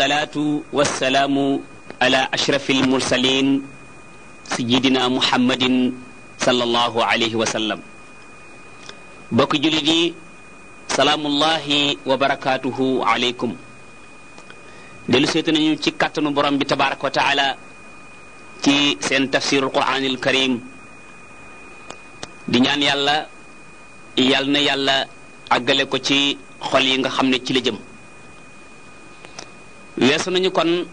والصلاة والسلام على أشرف المرسلين سيدنا محمد صلى الله عليه وسلم بك جلدي سلام الله وبركاته عليكم دلو سيتنا نيو تي كاتنو بروم بي تبارك وتعالى تي سين تفسير القرآن الكريم دي نيان يالا يالنا يالا àggale ko ci xol yi nga xam ne ci la jëm weesu nañu kon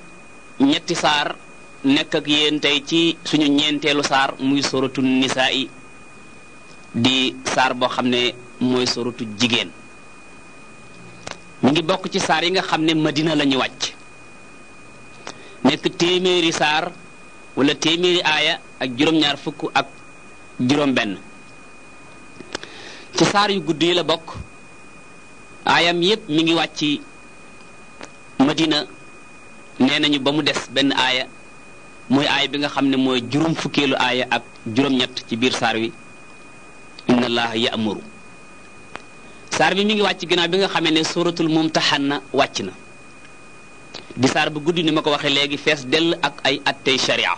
ñetti saar nekk ak yéen tey ci suñu ñeenteelu saar muy soratu nisaa di saar boo xam ne mooy soratu jigéen mu ngi bokk ci saar yi nga xam ne madina la ñu wàcc nekk téeméeri saar wala téeméeri aaya ak juróom-ñaar fukk ak juróom-benn ci saar yu gudd yi la bokk aayam yépp mu ngi wàcc madina nee nañu ba mu des benn aaya mooy aaya bi nga xam ne mooy juróom fukkeelu aaya ak juróom-ñett ci biir saar wi inna allaha ya'muru saar bi mi ngi wàcc ginaaw bi nga xamee ne suratul mumtahanna wàcc na di saar bu guddi ni ma ko waxee léegi fees dell ak ay attey sharia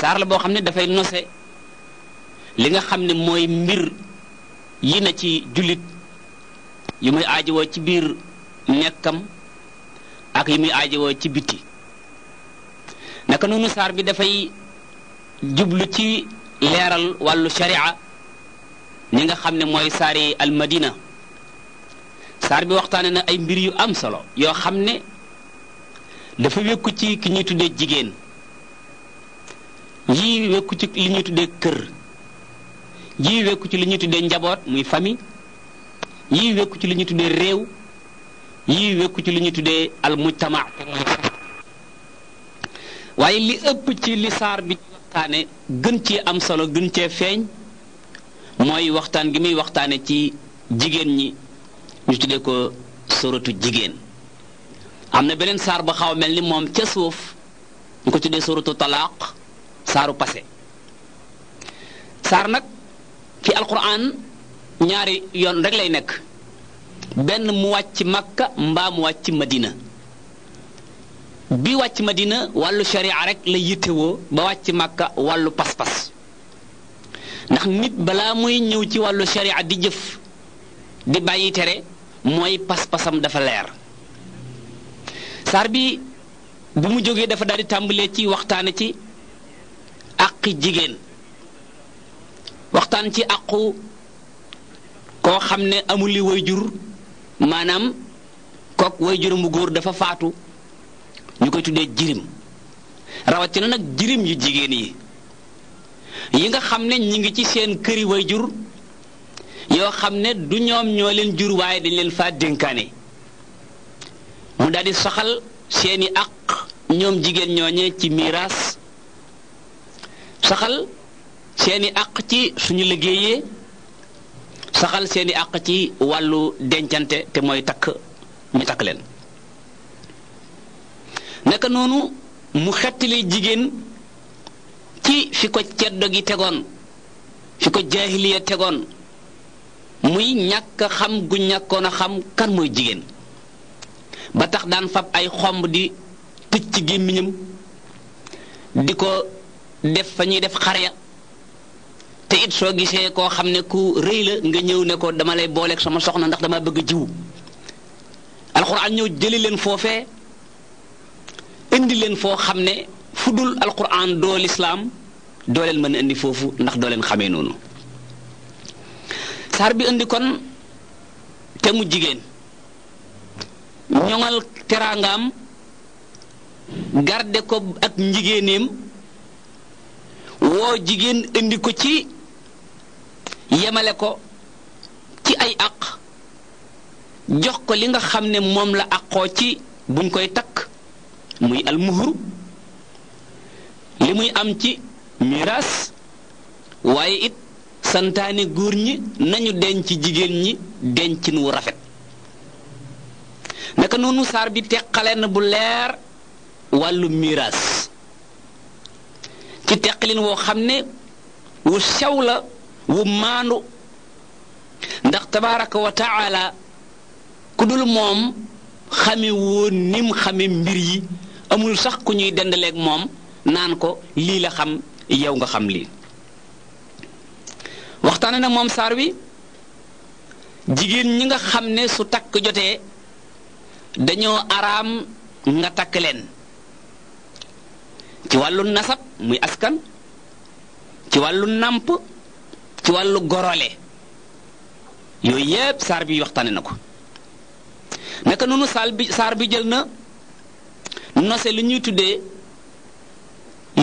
saar la boo xam ne dafay nose li nga xam ne mooy mbir yi na ci jullit yu muy aajowoo ci biir nekkam ak yi muy aajowoo ci biti naka noonu saar bi dafay jublu ci leeral wàllu sharia ñi nga xam ne mooy saari almadina saar bi waxtaane na ay mbir yu am solo yoo xam ne dafa wékku ci ki ñuy tuddee jigéen yii wékku ci li ñuy tuddee kër yii wékku ci li ñuy tuddee njaboot muy famille yii wékku ci li ñuy tuddee réew yii wékk ci lu ñuy tuddee al mujtama waaye li ëpp ci li saar bi waxtaane gën cee am solo gën cee feeñ mooy waxtaan gi muy waxtaane ci jigéen ñi ñu tuddee ko soratu jigéen am na beneen saar ba xaw mel ni moom ca suuf ñu ko tuddee soratu talaaq saaru passé saar nag fi alquran ñaari yoon rek lay nekk benn mu wàcc makka mbaa mu wàcc madina bi wàcc madina wàllu sharia rek la yittewoo ba wàcc makka wàllu pas-pas ndax nit balaa muy ñëw ci wàllu sharia di jëf di bàyyi tere mooy pas-pasam dafa leer saar bi bu mu jógee dafa daal tàmbalee ci waxtaane ci àqi jigéen waxtaan ci àqu koo xam ne amul li way jur maanaam kook way juróom bu góor dafa faatu ñu koy tuddee jirim rawatina nag jirim yu jigéen yi yi nga xam ne ñi ngi ci seen këri way jur yoo xam ne du ñoom ñoo leen jur waaye dañ leen faa dénkaane mu daldi saxal seeni àq ñoom jigéen ñooñee ci miiras saxal seeni àq ci suñu liggéeyee saxal seeni àq ci wàllu dencante te mooy takk ñu takk leen naka noonu mu xettali jigéen ci fi ko ceddo gi tegoon fi ko jaahiliya tegoon muy ñàkk xam gu ñàkkoon a xam kan mooy jigéen ba tax daan fab ay xomb di tëj ci gémmiñam di ko def fa ñuy def xar ya te it soo gisee koo xam ne ku rëy la nga ñëw ne ko dama lay booleeg sama soxna ndax dama bëgg jiw alxuraan ñëw jëli leen foofee indi leen foo xam ne fu dul alxuraan doo lislaam doo leen indi foofu ndax doo leen xamee noonu saar bi indi kon te mu jigéen ñoŋal teraangaam garde ko ak njigéeneem woo jigéen indi ko ci yemale ko ci ay àq jox ko li nga xam ne moom la àqoo ci buñ koy takk muy almuhru li muy am ci miraas waaye it santaane góor ñi nañu denc jigéen ñi dencin wu rafet naka noonu saar bi teqale na bu leer wàllu miraas ci teqalin woo xam ne wu sew la wu maandu ndax tabaaraka wa taala ku dul moom xame woon nim xame mbir yi amul sax ku ñuy dendaleeg moom naan ko lii la xam yow nga xam lii waxtaane na moom saar wi jigéen ñi nga xam ne su takk jotee dañoo araam nga takk leen ci wàllu nasab muy askan ci wàllu nàmp ci wàllu gorole yooyu yépp saar bi waxtaane na ko naka noonu bi saar bi jël na nose li ñuy tudde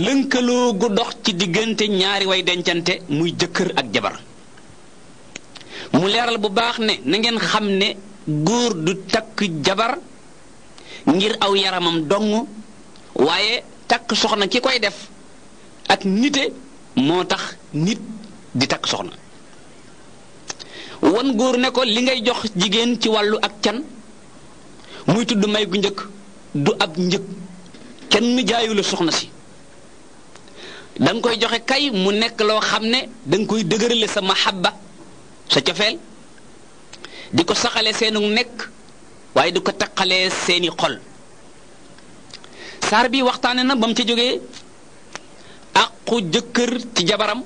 lënkaloo gu dox ci diggante ñaari way dencante muy jëkkër ak jabar mu leeral bu baax ne na xam ne góor du takk jabar ngir aw yaramam dong waaye takk soxna ki koy def ak nite moo tax nit di takk soxna wan góor ne ko li ngay jox jigéen ci wàllu ak can muy tudd may gu njëkk du ab njëkk kenn jaayu la soxna si danga koy joxe kay mu nekk loo xam ne danga koy dëgërale sa mahabba sa cofeel di ko saxale seenu nekk waaye di ko taqalee seeni xol saar bi waxtaane na ba mu ca jógee àqu jëkkër ci jabaram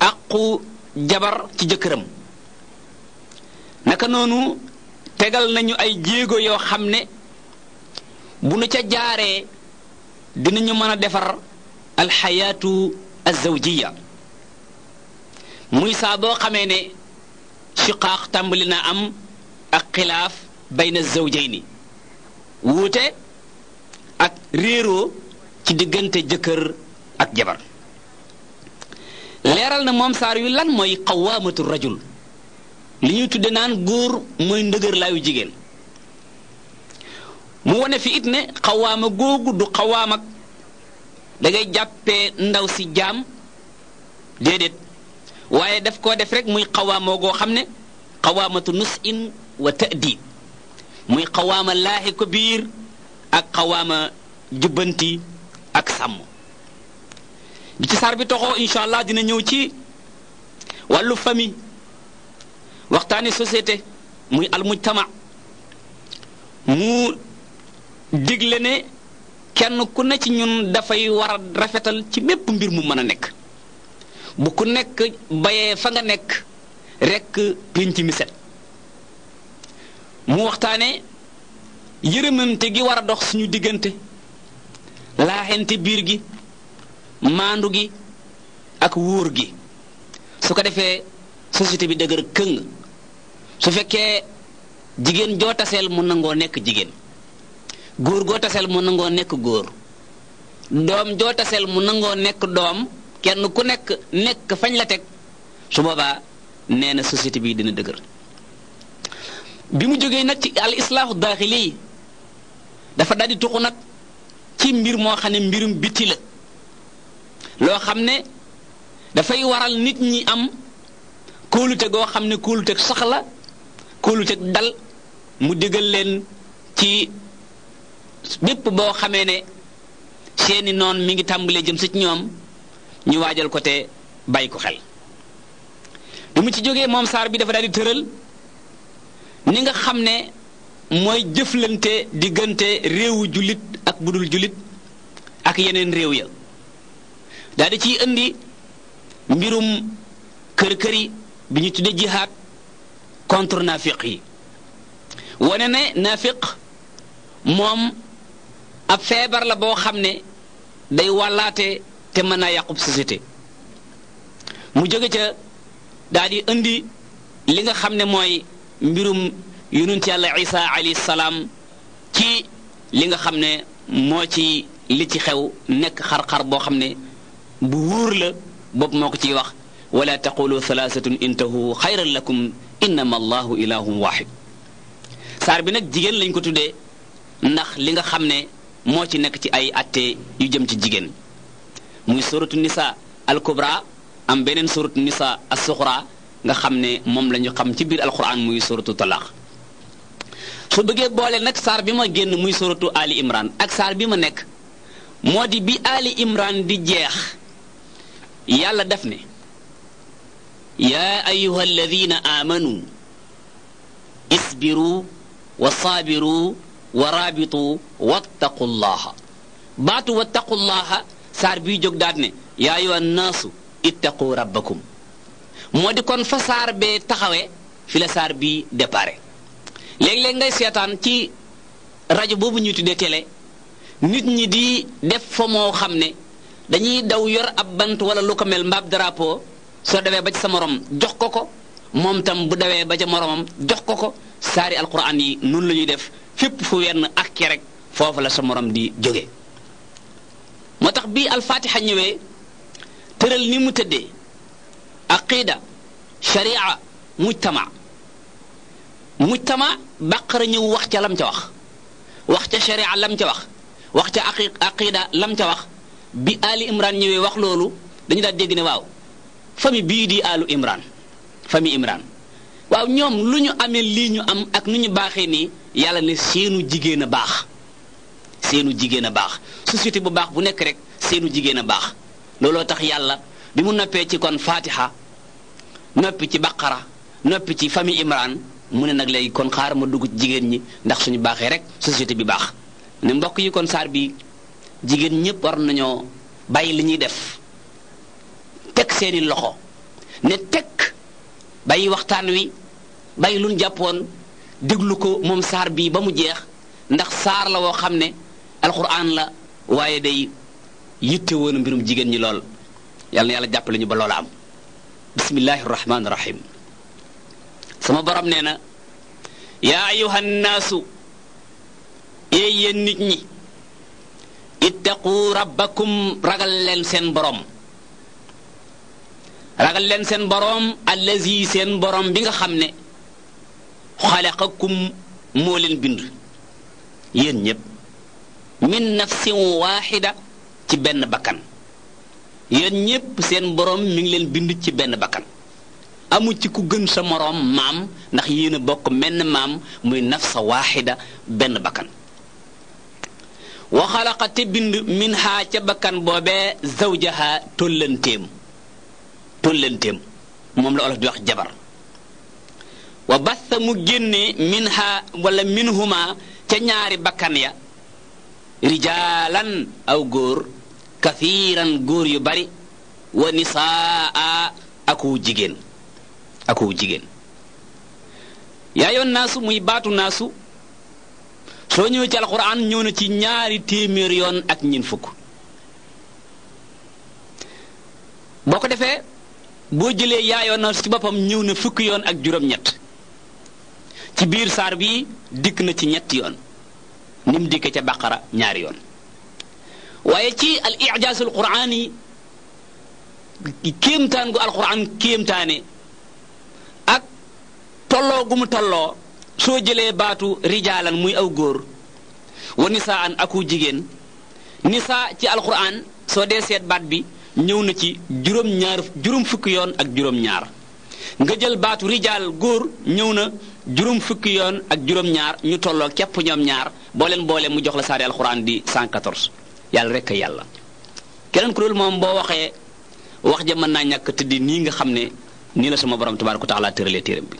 aqu jabar ci jëkkëram naka noonu tegal nañu ay jéego yoo xam ne bu nu ca jaaree dinañu mën a defar alxayaatu azawjiya muy saa boo xamee ne shiqaax tàmbali na am ak xilaaf bayna zawjayni wuute ak réeroo ci diggante jëkkër ak jabar leeral na moom saar wi lan mooy xawaamatu rajul li ñuy tudde naan góor mooy ndëgër laayu jigéen mu wone fi it ne xawaama googu du xawaam dangay jàppe ndaw si jaam déedéet waaye daf koo def rek muy xawaamoo goo xam ne xawaamatu nus in wa tadib muy xawaama laaxi ko biir ak xawaama jubbanti ak sàmm bi ci saar bi toxoo incha dina ñëw ci wàllu famille waxtaane société muy almujtama mu digle ne kenn ku ne ci ñun dafay war a rafetal ci mépp mbir mu mën a nekk bu ku nekk bayee fa nga nekk rekk pénc mi set mu waxtaane yërëmante gi war a dox suñu diggante laaxente biir gi maandu gi ak wóor gi su ko defee société bi dëgër këng su fekkee jigéen joo taseel mu nangoo nekk jigéen góor goo taseel mu nangoo nekk góor doom joo taseel mu nangoo nekk doom kenn ku nekk nekk fañ la teg su boobaa nee na société bi dina dëgër bi mu jógee nag ci al islaahu daaxili dafa daldi tuxu nag ci mbir moo xam ne mbirum bitil loo xam ne dafay waral nit ñi am kóolute goo xam ne kóoluteg sax la dal mu digal leen ci bépp boo xamee ne seeni noon mi ngi tàmbalee jëm si ci ñoom ñu waajal ko te bàyyi ko xel bi ci jógee moom saar bi dafa daal di tëral ni nga xam ne mooy jëflante diggante réewu jullit ak bu dul jullit ak yeneen réew ya daal di ciy indi mbirum kër-këri bi ñu tudde jihaad contre naafiq yi wane ne naafiq moom ab feebar la boo xam ne day wallaate te mën naa yàqub société mu jóge ca daal indi li nga xam ne mooy mbirum yonent yàlla isa alayhi salaam ci li nga xam ne moo ci li ci xew nekk xar-xar boo xam ne bu wóor la bopp moo ko ciy wax wala taqulu thalaathatun intahu xayran lakum innama allahu ilahum wahid saar bi nag jigéen lañ ko tuddee ndax li nga xam ne moo ci nekk ci ay atte yu jëm ci jigéen muy suratu nisa al am beneen suratu nisa as nga xam ne moom lañu xam ci biir alquran muy suratu talaq su bëggee boole nag saar bi ma génn muy suratu ali imran ak saar bi ma nekk moo di bi ali imran di jeex yàlla def ne yaa ayuha alladina amanu isbiru wa saabiru wa raabitu wattaqu baatu wattaqu saar bii jóg daat ne yaa ayuha naasu ittaqu rabbakum moo di kon fa saar bee taxawee fi la saar bii déparé léeg-léeg ngay seetaan ci rajo boobu ñuy tuddee télé nit ñi di def fa moo xam ne dañuy daw yor ab bant wala lu ko mel mbaab drapeau soo dawee ba ci sa moroom jox ko ko moom tam bu dawee ba ca moromam jox ko ko saari alquran yi noonu lañuy def def fépp fu wenn ak ki foofu la sa moroom di jóge moo tax bii alfaatixa ñëwee tëral ni mu tëddee aqida sharia mujtama mujtama baqara ñëw wax ca lam ca wax wax ca sharia lam ca wax wax ca aqida lam ca wax bi Ali Imran ñëwee wax loolu dañu daal dégg ne waaw famille bii di Alu Imran famille Imran waaw ñoom lu ñu amee lii ñu am ak nu ñu baaxee nii yàlla ne seenu jigéen a baax seenu jigéen a baax société bu baax bu nekk rek seenu jigéen a baax looloo tax yàlla bi mu noppee ci kon Fatiha noppi ci Baqara noppi ci famille Imran mu ne nag léegi kon xaar ma dugg jigéen ñi ndax suñu baaxee rek société bi baax ne mbokk yi kon saar bi jigéen ñépp war nañoo bay li ñuy def teg seeni loxo ne teg bàyyi waxtaan wi bay luñ jàppoon déglu ko moom saar bii ba mu jeex ndax saar la woo xam ne alxuraan la waaye day yitte woon mbirum jigéen ñi lool yal na yàlla jàppale ñu ba loola am bismillahi rahmaani rahim sama borom nee na yaa ayuha nnaasu yéen nit ñi ittaqu rabbakum ragal leen seen boroom ragal leen seen boroom yi seen boroom bi nga xam ne xalaqakum moo leen bind yéen ñépp min nafsin waaxida ci benn bakkan yéen ñépp seen boroom mi ngi leen bind ci benn bakkan amu ci ku gën sa moroom maam ndax yéen a bokk menn maam muy nafsa waaxida benn bakkan wa xalaqa bind min haa ca bakkan boobee zawjaha tóllanteem tóllanteem moom la olof di wax jabar wa bassa mu génne min haa wala min huma ca ñaari bakkan ya rijaalan aw góor kafiiran góor yu bari wa nisaa aku jigéen aku jigéen naasu muy baatu naasu soo ñëwee ci alxuraan ñëw na ci ñaari téeméer yoon ak ñin fukk boo ko defee boo jëlee yaayoon na ci boppam ñëw na fukki yoon ak juróom-ñett ci biir saar bi dikk na ci ñetti yoon ni mu dikkee ca bàqara ñaari yoon waaye ci al ijaasul quraan yi kéemtaan gu alxuraan kéemtaane ak tolloo gu mu tolloo soo jëlee baatu rijaalan muy aw góor wa nisaan aku jigéen nisaa ci alquran soo dee seet baat bi ñëw na ci juróom-ñaar juróom fukki yoon ak juróom-ñaar nga jël baatu rijaal góor ñëw na juróom fukki yoon ak juróom-ñaar ñu tolloo képp ñoom ñaar boo leen boole mu jox la saari alquran di yàlla rek a yàlla. keneen ku dul moom boo waxee wax ja mën naa ñàkk tëddi nii nga xam ne nii la sama borom tax la tëralee téeram bi.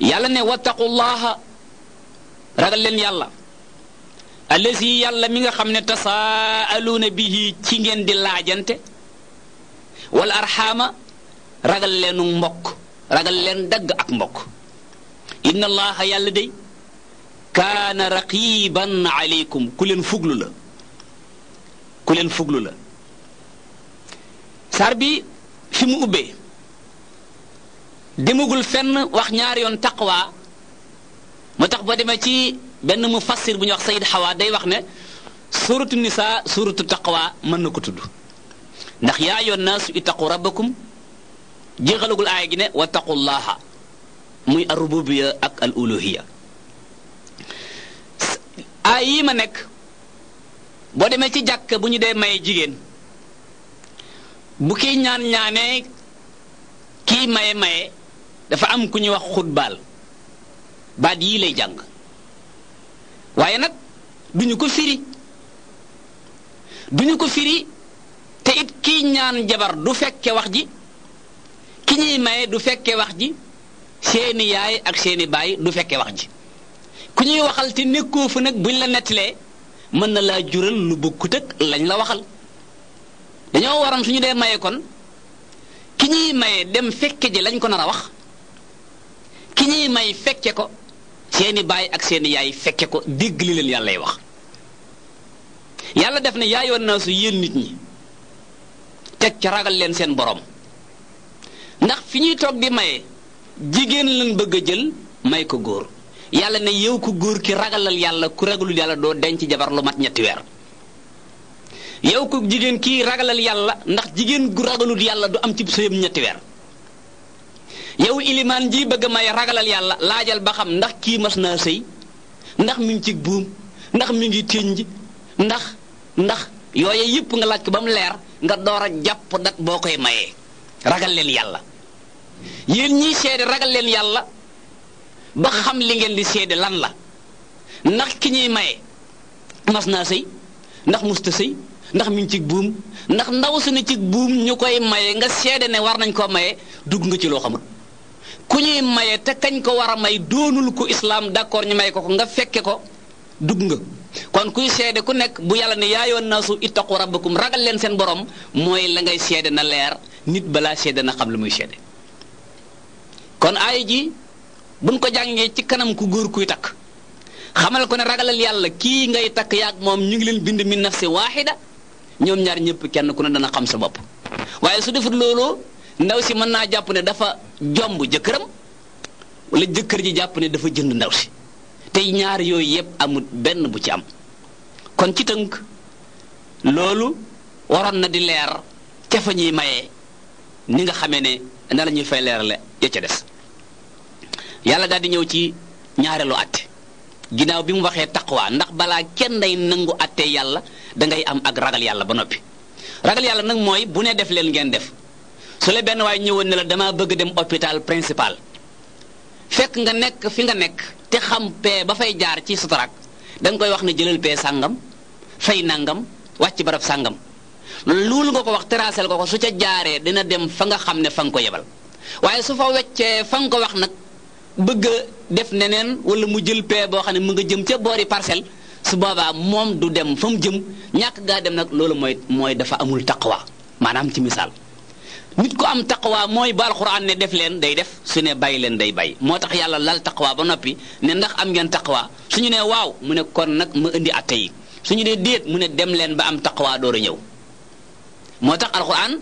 yàlla ne wattaqullaha ragal leen yàlla allazi yàlla mi nga xam ne tasaaluuna bihi ci ngeen di laajante wal arxaama ragal leenu mbokk ragal leen dagg ak mbokk inna allaha yàlla day kaana raqiban aleykum ku leen fuglu la ku leen fuglu la sar bi fi mu ubbee demagul fenn wax ñaari yoon taqwa moo tax boo demee ci benn mu fassir bu ñuy wax sayid xawaa day wax ne suratu nisa suratu taqwa mën na ko tudd ndax yaa yoon na ittaqu rabbakum jéexalagul aaya gi ne wattaqullaha muy al rububiya ak al uluhiya aay yi ma nekk boo demee ci jàkk bu ñu dee mayee jigéen bu kiy ñaan ñaanee kiy maye maye dafa am ku ñuy wax xutbaal baat yii lay jàng waaye nag duñu ko firi duñu ko firi te it kiy ñaan jabar du fekke wax ji ki ñuy maye du fekke wax ji seeni seeni baay du fekke wax ji ku ñuy waxal te nekkoo fa nag buñ la nettalee mën na laa jural lu bokkut ak lañ la waxal dañoo waroon ñu dee mayee kon ki ñuy maye dem fekke ji lañ ko nar a wax ki ñuy may fekke ko seeni baay ak seeni yaay fekke ko dégg li leen yàllay wax yàlla def na yaayoon naa su yéen nit ñi teg ca ragal leen seen borom ndax fi ñuy toog di maye jigéen lañ bëgg a jël may ko góor yàlla ne yow ku góor ki ragalal yàlla ku ragalul yàlla doo ci jabar lu mat ñetti weer yow ko jigéen kii ragalal yàlla ndax jigéen gu ragalul yàlla du am ci sëyam ñetti weer yow ilimaan ji bëgg may ragalal yàlla laajal ba xam ndax kii mas naa sëy ndax mi ngi ci buum ndax mi ngi tënj ndax ndax yooye yëpp nga laaj ko ba mu leer nga door a jàpp dat boo koy mayee ragal leen yàlla yéen ñiy seede ragal leen yàlla ba xam li ngeen di seede lan la ndax ki ñuy maye mas naa sëy ndax musta sëy ndax mi cig buum ndax ndaw su ne ci buum ñu koy maye nga seede ne war nañ koo maye dugg nga ci loo xamut ku ñuy maye te kañ ko war a may doonul ku islaam d'accord ñu may ko ko nga fekke ko dugg nga kon kuy seede ku nekk bu yàlla ne yaayoon su naasu ittaqu rabbakum ragal leen seen borom mooy la ngay seede na leer nit balaa seede na xam lu muy seede kon aay ji buñ ko jàngee ci kanam ku góor kuy takk xamal ko ne ragalal yàlla kii ngay takk yaag moom ñu ngi leen bind min nafsi waaxida ñoom ñaar ñëpp kenn ku ne dana xam sa bopp waaye su defut loolu ndaw si mën naa jàpp ne dafa jomb jëkkëram wala jëkkër ji jàpp ne dafa jënd ndaw si tey ñaar yooyu yëpp amut benn bu ci am kon ci tënk loolu waroon na di leer ca fa ñuy maye ni nga xamee ne na lañuy ñuy fay leerale ya ca des yàlla daal di ñëw ci ñaareelu àtte ginnaaw bi mu waxee taqwa ndax balaa kenn day nangu àttee yàlla da ngay am ak ragal yàlla ba noppi ragal yàlla nag mooy bu ne def leen ngeen def su la benn waay ñëwoon ne la damaa bëgg dem hôpital principal fekk nga nekk fi nga nekk te xam pee ba fay jaar ci sotarak da nga koy wax ne jëlal pee sàngam fay nangam wàcc barab sàngam loolu nga ko wax terasel ko ko su ca jaaree dina dem fa nga xam ne fa nga ko yebal waaye su fa weccee fa nga ko wax nag bëgg a def neneen wala mu jël pee boo xam ne mu nga jëm ca boori parcelle su boobaa moom du dem fa mu jëm ñàkk gaa dem nag loolu mooy mooy dafa amul taqwa maanaam ci misaal nit ko am waa mooy ba alxuraan ne def leen day def su ne bàyyi leen day bàyyi moo tax yàlla lal taqwa ba noppi ne ndax am ngeen taqwa su ñu nee waaw mu ne kon nag ma indi atte tey su ñu ne déet mu ne dem leen ba am taqwa door a ñëw moo tax alxuraan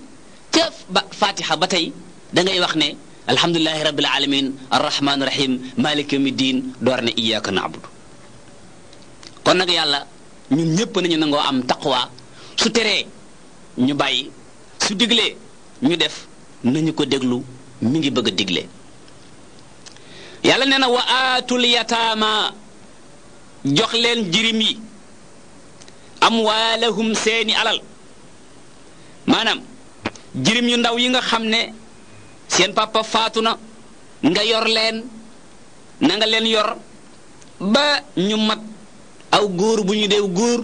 ca ba fatiha ba tey da ngay wax ne alhamdulilahi rabil alamin arrahmaani rahim malik yawmi diin door ne iyyaka na'budu kon nag yàlla ñu ñëpp nañu nangoo am taqwa su teree ñu bàyyi su ñu def nañu ko déglu mi ngi bëgg a digle yàlla nee na wa aatul yataama jox leen jirim yi amwaalahum seeni alal maanaam jirim yu ndaw yi nga xam ne seen papa faatu na nga yor leen na nga leen yor ba ñu mat aw góor bu ñu dee góor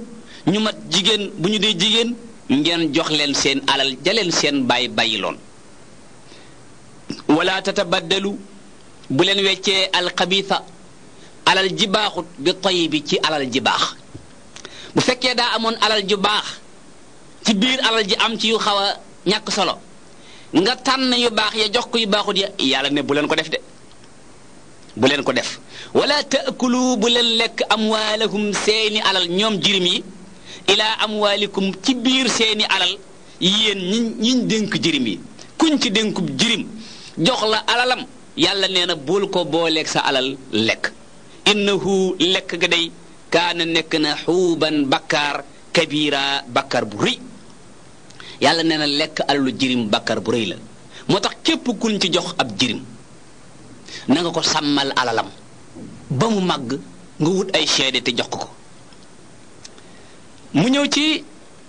ñu mat jigéen bu ñu dee jigéen ngeen jox leen seen alal jaleen seen baay bàyyiloon wala tatabaddalu bu leen weccee alxabiisa alal ji baaxut bi tayibi ci alal ji baax bu fekkee daa amoon alal ju baax ci biir alal ji am ci yu xaw a ñàkk solo nga tànn yu baax ya jox ko yu baaxut ya yàlla ne bu leen ko def de bu leen ko def wala taakulu bu leen lekk amwaalahum seeni alal ñoom jirim yi ilaa amwaalikum ci biir seeni alal yéen ñi ñiñ dénk jirim yi kuñ ci dénkub jirim jox la alalam yàlla nee na bul ko booleek sa alal lekk innahu lekk ga day kaana nekk na xuuban bakkaar kabira bakkaar bu rëy yàlla nee na lekk alalu jirim bakkaar bu rëy la moo tax képp kuñ ci jox ab jirim nanga ko sàmmal alalam ba mu màgg nga wut ay seede te jox ko mu ñëw ci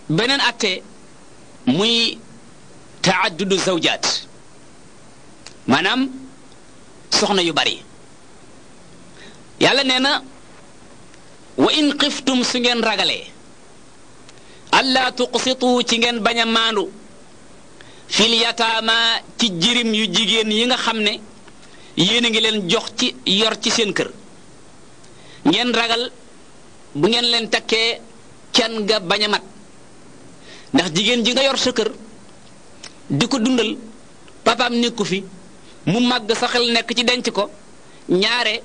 beneen atte muy taaddudu zawjaat maanaam soxna yu bari yàlla nee na wa in xiftum su ngeen ragalee allaa tuqsitu ci ngeen bañ a maandu fil yataama ci jirim yu jigéen yi nga xam ne yéen a ngi leen jox ci yor ci seen kër ngeen ragal bu ngeen leen takkee kenn ga bañ a mat ndax jigéen ji nga yor sa kër di ko dundal papaam nekku fi mu màgg sa xel nekk ci denc ko ñaare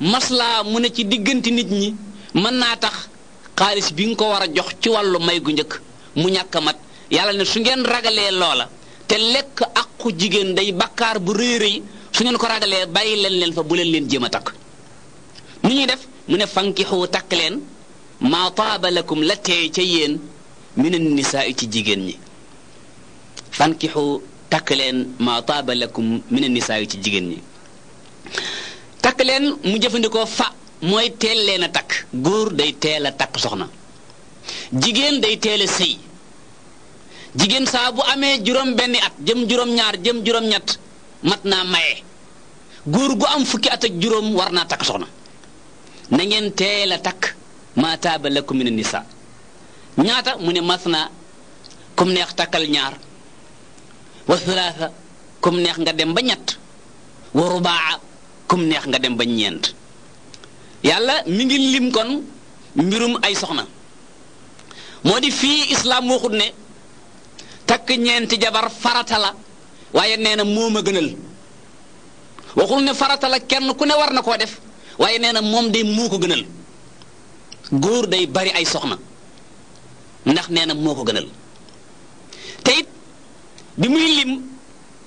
maslaa mu ne ci diggante nit ñi mën naa tax xaalis bi nga ko war a jox ci wàllu may gu njëkk mu ñàkk a mat yàlla ne su ngeen ragalee loola te lekk àqu jigéen day bakkaar bu rëy rëy su ngeen ko ragalee bàyyi leen leen fa bu leen leen jéem a takk ñu ñuy def mu ne fankixu takk leen maa taaba lakum la teey ca yéen minan nisaa ci jigéen ñi fankixu takk leen maa taaba lakum minan nisaa ci jigéen ñi takk leen mu jëfandikoo fa mooy teel leen a takk góor day teel a takk soxna jigéen day teel a sëy jigéen saa bu amee juróom benni at jëm juróom ñaar jëm juróom ñett mat naa maye góor gu am fukki at ak juróom war naa takk soxna na ngeen teel a takk maa taaba lakum min nisa ñaata mu ne masna kum neex takkal ñaar wa thulaatha kum neex nga dem ba ñett wa rubaa kum neex nga dem ba ñeent yàlla mu ngi lim kon mbirum ay soxna moo di fii islaam waxut ne takk ñeenti jabar faratala waaye nee na moom a gënal waxul ne faratala kenn ku ne war na koo def waaye nee na moom de moo ko gënal góor day bari ay soxna ndax nee na moo ko gënal te it bi muy lim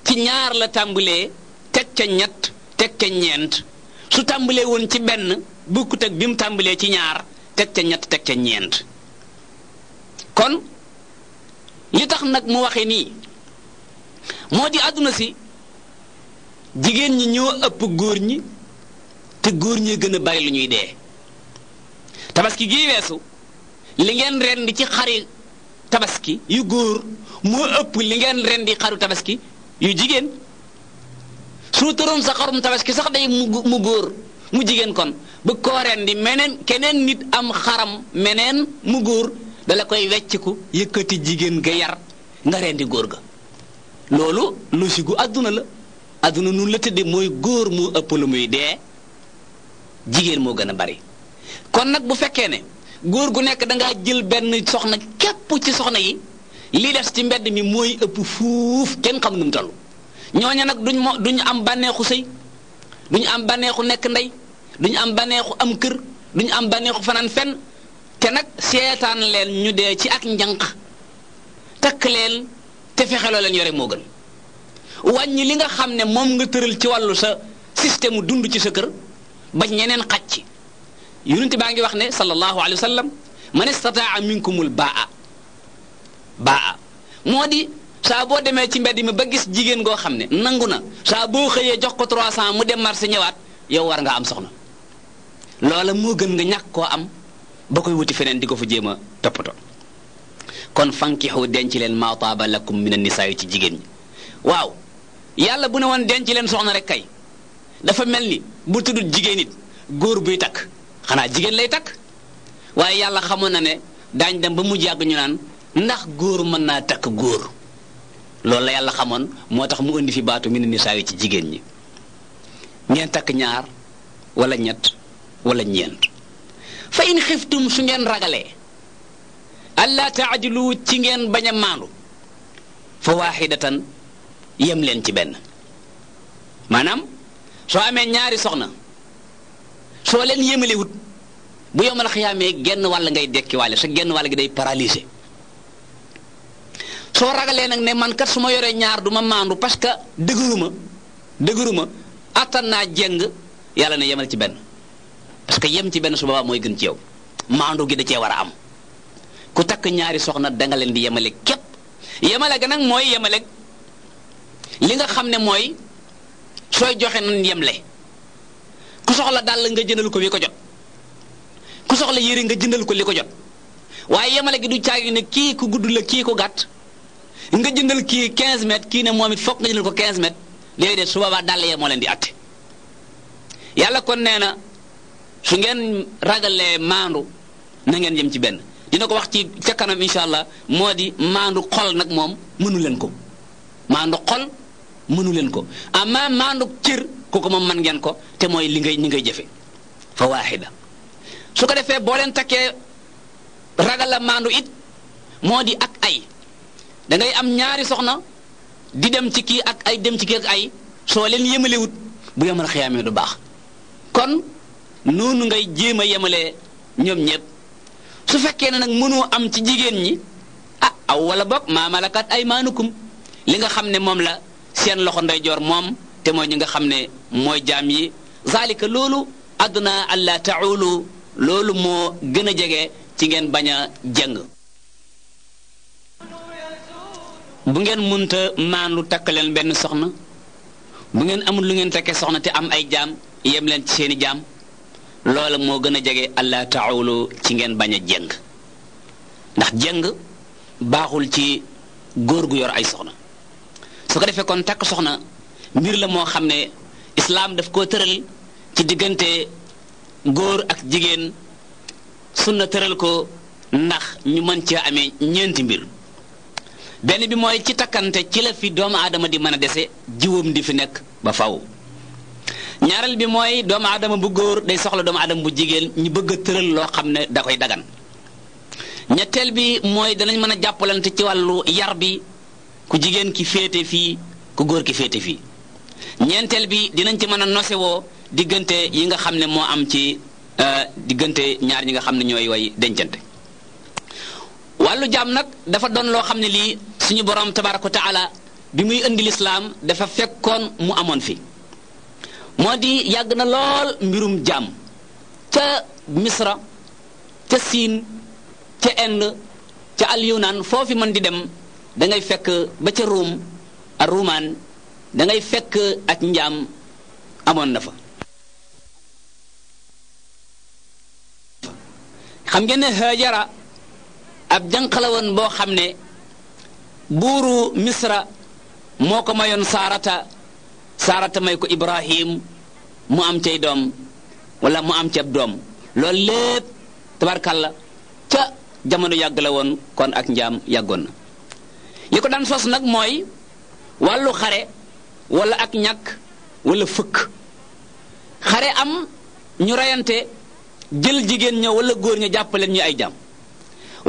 ci ñaar la tàmbalee teg ca ñett teg ca ñeent su tàmbalee woon ci benn bukkut ak bi mu tàmbalee ci ñaar teg ñett teg ca ñeent kon li tax nag mu waxe nii moo di àdduna si jigéen ñi ñoo ëpp góor ñi te góor ñee gën a bari lu ñuy dee tabaski gii weesu li ngeen rendi ci xari tabaski yu góor moo ëpp li ngeen rendi xaru tabaski yu jigéen sunu sa xarum tabaski sax day mu góor mu jigéen kon bu koo rendi meneen keneen nit am xaram meneen mu góor dala koy wecciku yëkkati jigéen ga yar nga rendi góor ga loolu logique gu àdduna la àdduna nun la tëdde mooy góor moo ëpp lu muy dee jigéen moo gën a bari kon nag bu fekkee ne góor gu nekk danga ngaa jël benn soxna képp ci soxna yi li des ci mbedd mi mooy ëpp fuuf kenn xam nu mu toll ñooña nag duñ mo duñ am bànneexu sëy duñ am bànneexu nekk ndey duñ am bànneexu am kër duñ am bànneexu fanaan fenn te nag seetaan leen ñu dee ci ak njànq takk leen te fexeloo leen yore moo gën wàññi li nga xam ne moom nga tëral ci wàllu sa système dund ci sa kër bañ ñeneen xaj ci yonente baa ngi wax ne sallallahu alayhi wa sallam man istataa minkumul baa baa moo di saa boo demee ci mbedd mi ba gis jigéen goo xam ne nangu na saa boo xëyee jox ko 300 mu dem marché ñëwaat yow war nga am soxna loola moo gën nga ñàkk koo am ba koy wuti feneen di ko fu jéem a toppatoo kon fankixu denc leen maa taaba lakum min annisaayi ci jigéen ñi waaw yàlla bu ne woon denc leen soxna rek kay dafa mel ni bu tuddul jigéen it góor buy takk xanaa jigéen lay takk waaye yàlla xamoon na ne daañ dem ba mu jàgg ñu naan ndax góor mën naa takk góor loolu la yàlla xamoon moo tax mu indi fi baatu mi ne nisaa yi ci jigéen ñi ngeen takk ñaar wala ñett walla ñeent fa in xiftum su ngeen ragalee allaa taajulu ci ngeen bañ a maandu fa waaxidatan yem leen ci benn maanaam soo amee ñaari soxna soo leen yéemalewut bu yomal xiyaamee genn wàll ngay dekkiwaale sa genn wàll gi day paralysé soo ragalee nag ne man kat su ma yoree ñaar duma ma maandu parce que dëgëruma dëgëruma àttan naa jeng yàlla ne yemal ci benn parce que yem ci benn su boobaa mooy gën ci yow maandu gi da cee war a am ku takk ñaari soxna danga leen di yemale képp yemale ga nag mooy yemale li nga xam ne mooy sooy joxe nan yemle ku soxla dàll nga jëndal ko wi ko jot ku soxla yére nga jëndal ko li ko jot waaye yemale gi du caagi ne kii ku gudd la kii ku gàtt nga jëndal kii 15 mètres kii ne moom it foog nga jëndal ko 15 mètres léegi de su boobaa dàll yee moo leen di atte yàlla kon nee na su ngeen ragalee maandu na ngeen yem ci benn dina ko wax ci ca kanam incha allah moo di maandu xol nag moom mënu leen ko maandu xol. mënu leen ko amaa maanduk cër kooku moom man ngeen ko te mooy li ngay ni ngay jëfe fa waaxida su ko defee boo leen takkee ragal la maandu it moo di ak ay dangay am ñaari soxna di dem ci kii ak ay dem ci kii ak ay soo leen yemalewut bu yemal xiyaamee du baax kon noonu ngay jéem a yemalee ñoom ñëpp su fekkee ne nag mënoo am ci jigéen ñi ah aw wala boog maa malakat ay maanukum li nga xam ne moom la seen loxo ndeyjoor moom te mooy ñi nga xam ne mooy jaam yi zalika loolu adna alla taulu loolu moo gën a jege ci ngeen bañ a jëng bu ngeen munta maandu takk leen benn soxna bu ngeen amul lu ngeen takkee soxna te am ay jaam yem leen ci seeni jaam loola moo gën a jege alla taulu ci ngeen bañ a jéng ndax jëng baaxul ci góor gu yor ay soxna su ko defee kon takk soxna mbir la moo xam ne islaam def koo tëral ci diggante góor ak jigéen sunna tëral ko ndax ñu mën cee amee ñeenti mbir benn bi mooy ci takkante ci la fi doomu aadama di mën a dese jiwam di fi nekk ba faw ñaareel bi mooy doomu aadama bu góor day soxla doomu aadama bu jigéen ñi bëgg tëral loo xam ne da koy dagan ñetteel bi mooy danañ mën a jàppalante ci wàllu yar bi ku jigéen ki féete fii ku góor ki féete fii ñeenteel bi dinañ ci mën a nosewoo diggante yi nga xam ne moo am ci euh, diggante ñaar ñi nga xam ne ñooy way dencante wàllu jaam nag dafa doon loo xam ne lii suñu borom tabaaraka wa taala bi muy indi lislaam dafa fekkoon mu amoon fi moo di yàgg na lool mbirum jaam ca misra ca siin ca Inde ca al Yunaan foofi mën di dem dangay fekk ba ca ruum ak ruumaan da fekk ak njaam amoon na fa xam ngeen ne Haajara ab jànq la woon boo xam ne buuru Misra moo ko mayoon Saarata Saarata may ko Ibrahim mu am cay doom walla mu am ceeb doom loolu lépp tabarkalla ca jamono yàgg la woon kon ak njaam yàggoon na li ko daan sos nag mooy wàllu xare wala ak ñàkk walla fëkk xare am ñu reyante jël jigéen ña wala góor ña jàppaleen ñu ay jaam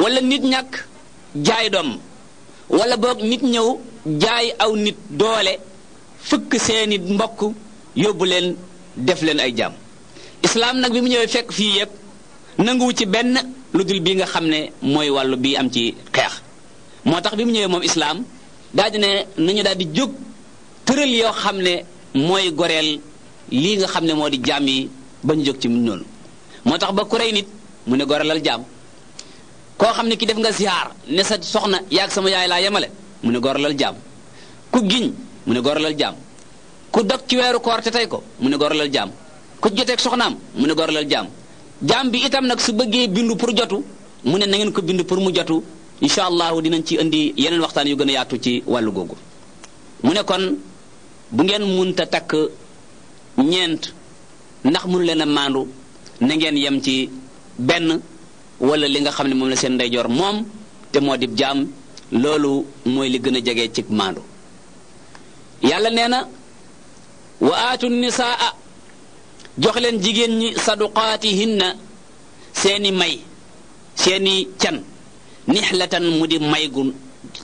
walla nit ñàkk jaay doom wala boog nit ñëw jaay aw nit doole fëkk seeni mbokk yóbbu leen def leen ay jaam islaam nag bi mu ñëwee fekk fii yépp nanguwu ci benn lu bi nga xam ne mooy wàllu bii am ci xeex moo tax bi mu ñëwee moom islaam daal di ne nañu daal di jóg tëral yoo xam ne mooy goreel lii nga xam ne moo di jaam yi ba ñu jóg ci mu noonu moo tax ba kuréy nit mu ne goreelal jaam koo xam ne ki def nga ziar ne soxna yaag sama yaay laa yemale mu ne goreelal jaam ku giñ mu ne goreelal jaam ku dog ci weeru koor te tey ko mu ne goreelal jaam ku joteeg soxnaam mu ne goreelal jaam jaam bi itam nag su bëggee bindu pour jotu mu ne na ngeen ko bind pour mu jotu incha allahu dinañ ci indi yeneen waxtaan yu gën a yaatu ci wàllu googu mu ne kon bu ngeen munta takk ñeent ndax mënu leen a maandu na ngeen yem ci benn wala li nga xam ne moom la seen ndeyjoor moom te moo dib jaam loolu mooy li gën a jege ci maandu yàlla nee na wa aatu nisaa jox leen jigéen ñi saduqaatihinna seeni may seeni can nixlatan mu di may gu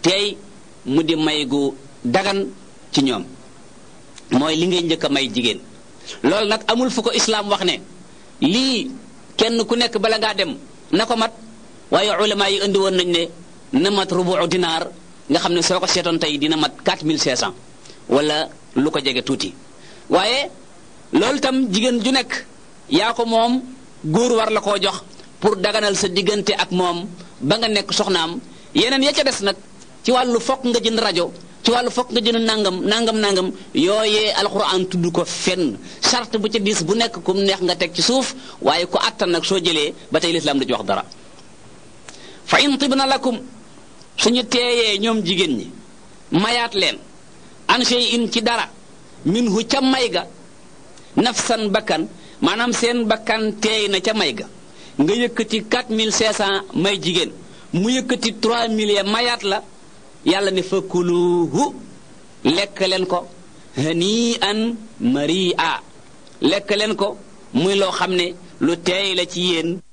teey mu di may gu dagan ci ñoom mooy li ngay njëkk a may jigéen loolu nag amul fu ko islaam wax ne lii kenn ku nekk bala ngaa dem na ko mat waaye ulama yi indi woon nañ ne na mat rubu dinaar nga xam ne soo ko seetoon tey dina mat 4500 wala lu ko jege tuuti waaye loolu tam jigéen ju nekk yaa ko moom góor war la koo jox pour daganal sa diggante ak moom ba nga nekk soxnaam yeneen ya ca des nag ci wàllu fokk nga jënd rajo ci wàllu fokk nga jënd nangam nangam nangam yooyee alxuraan tudd ko fenn charte bu ca diis bu nekk kum neex nga teg ci suuf waaye ku attan nag soo jëlee ba tey lislaam du ci wax dara fa in tibna lakum suñu teeyee ñoom jigéen ñi mayaat leen an shay'in ci dara minhu ca may ga nafsan bakkan maanaam seen bakkan teey na ca may ga nga yëkkati 4500 may jigéen mu yëkkati 3000 ya mayaat la yàlla ne fa fakuluhu lekk leen ko hanii an maria lekk leen ko muy loo xam ne lu teey la ci yéen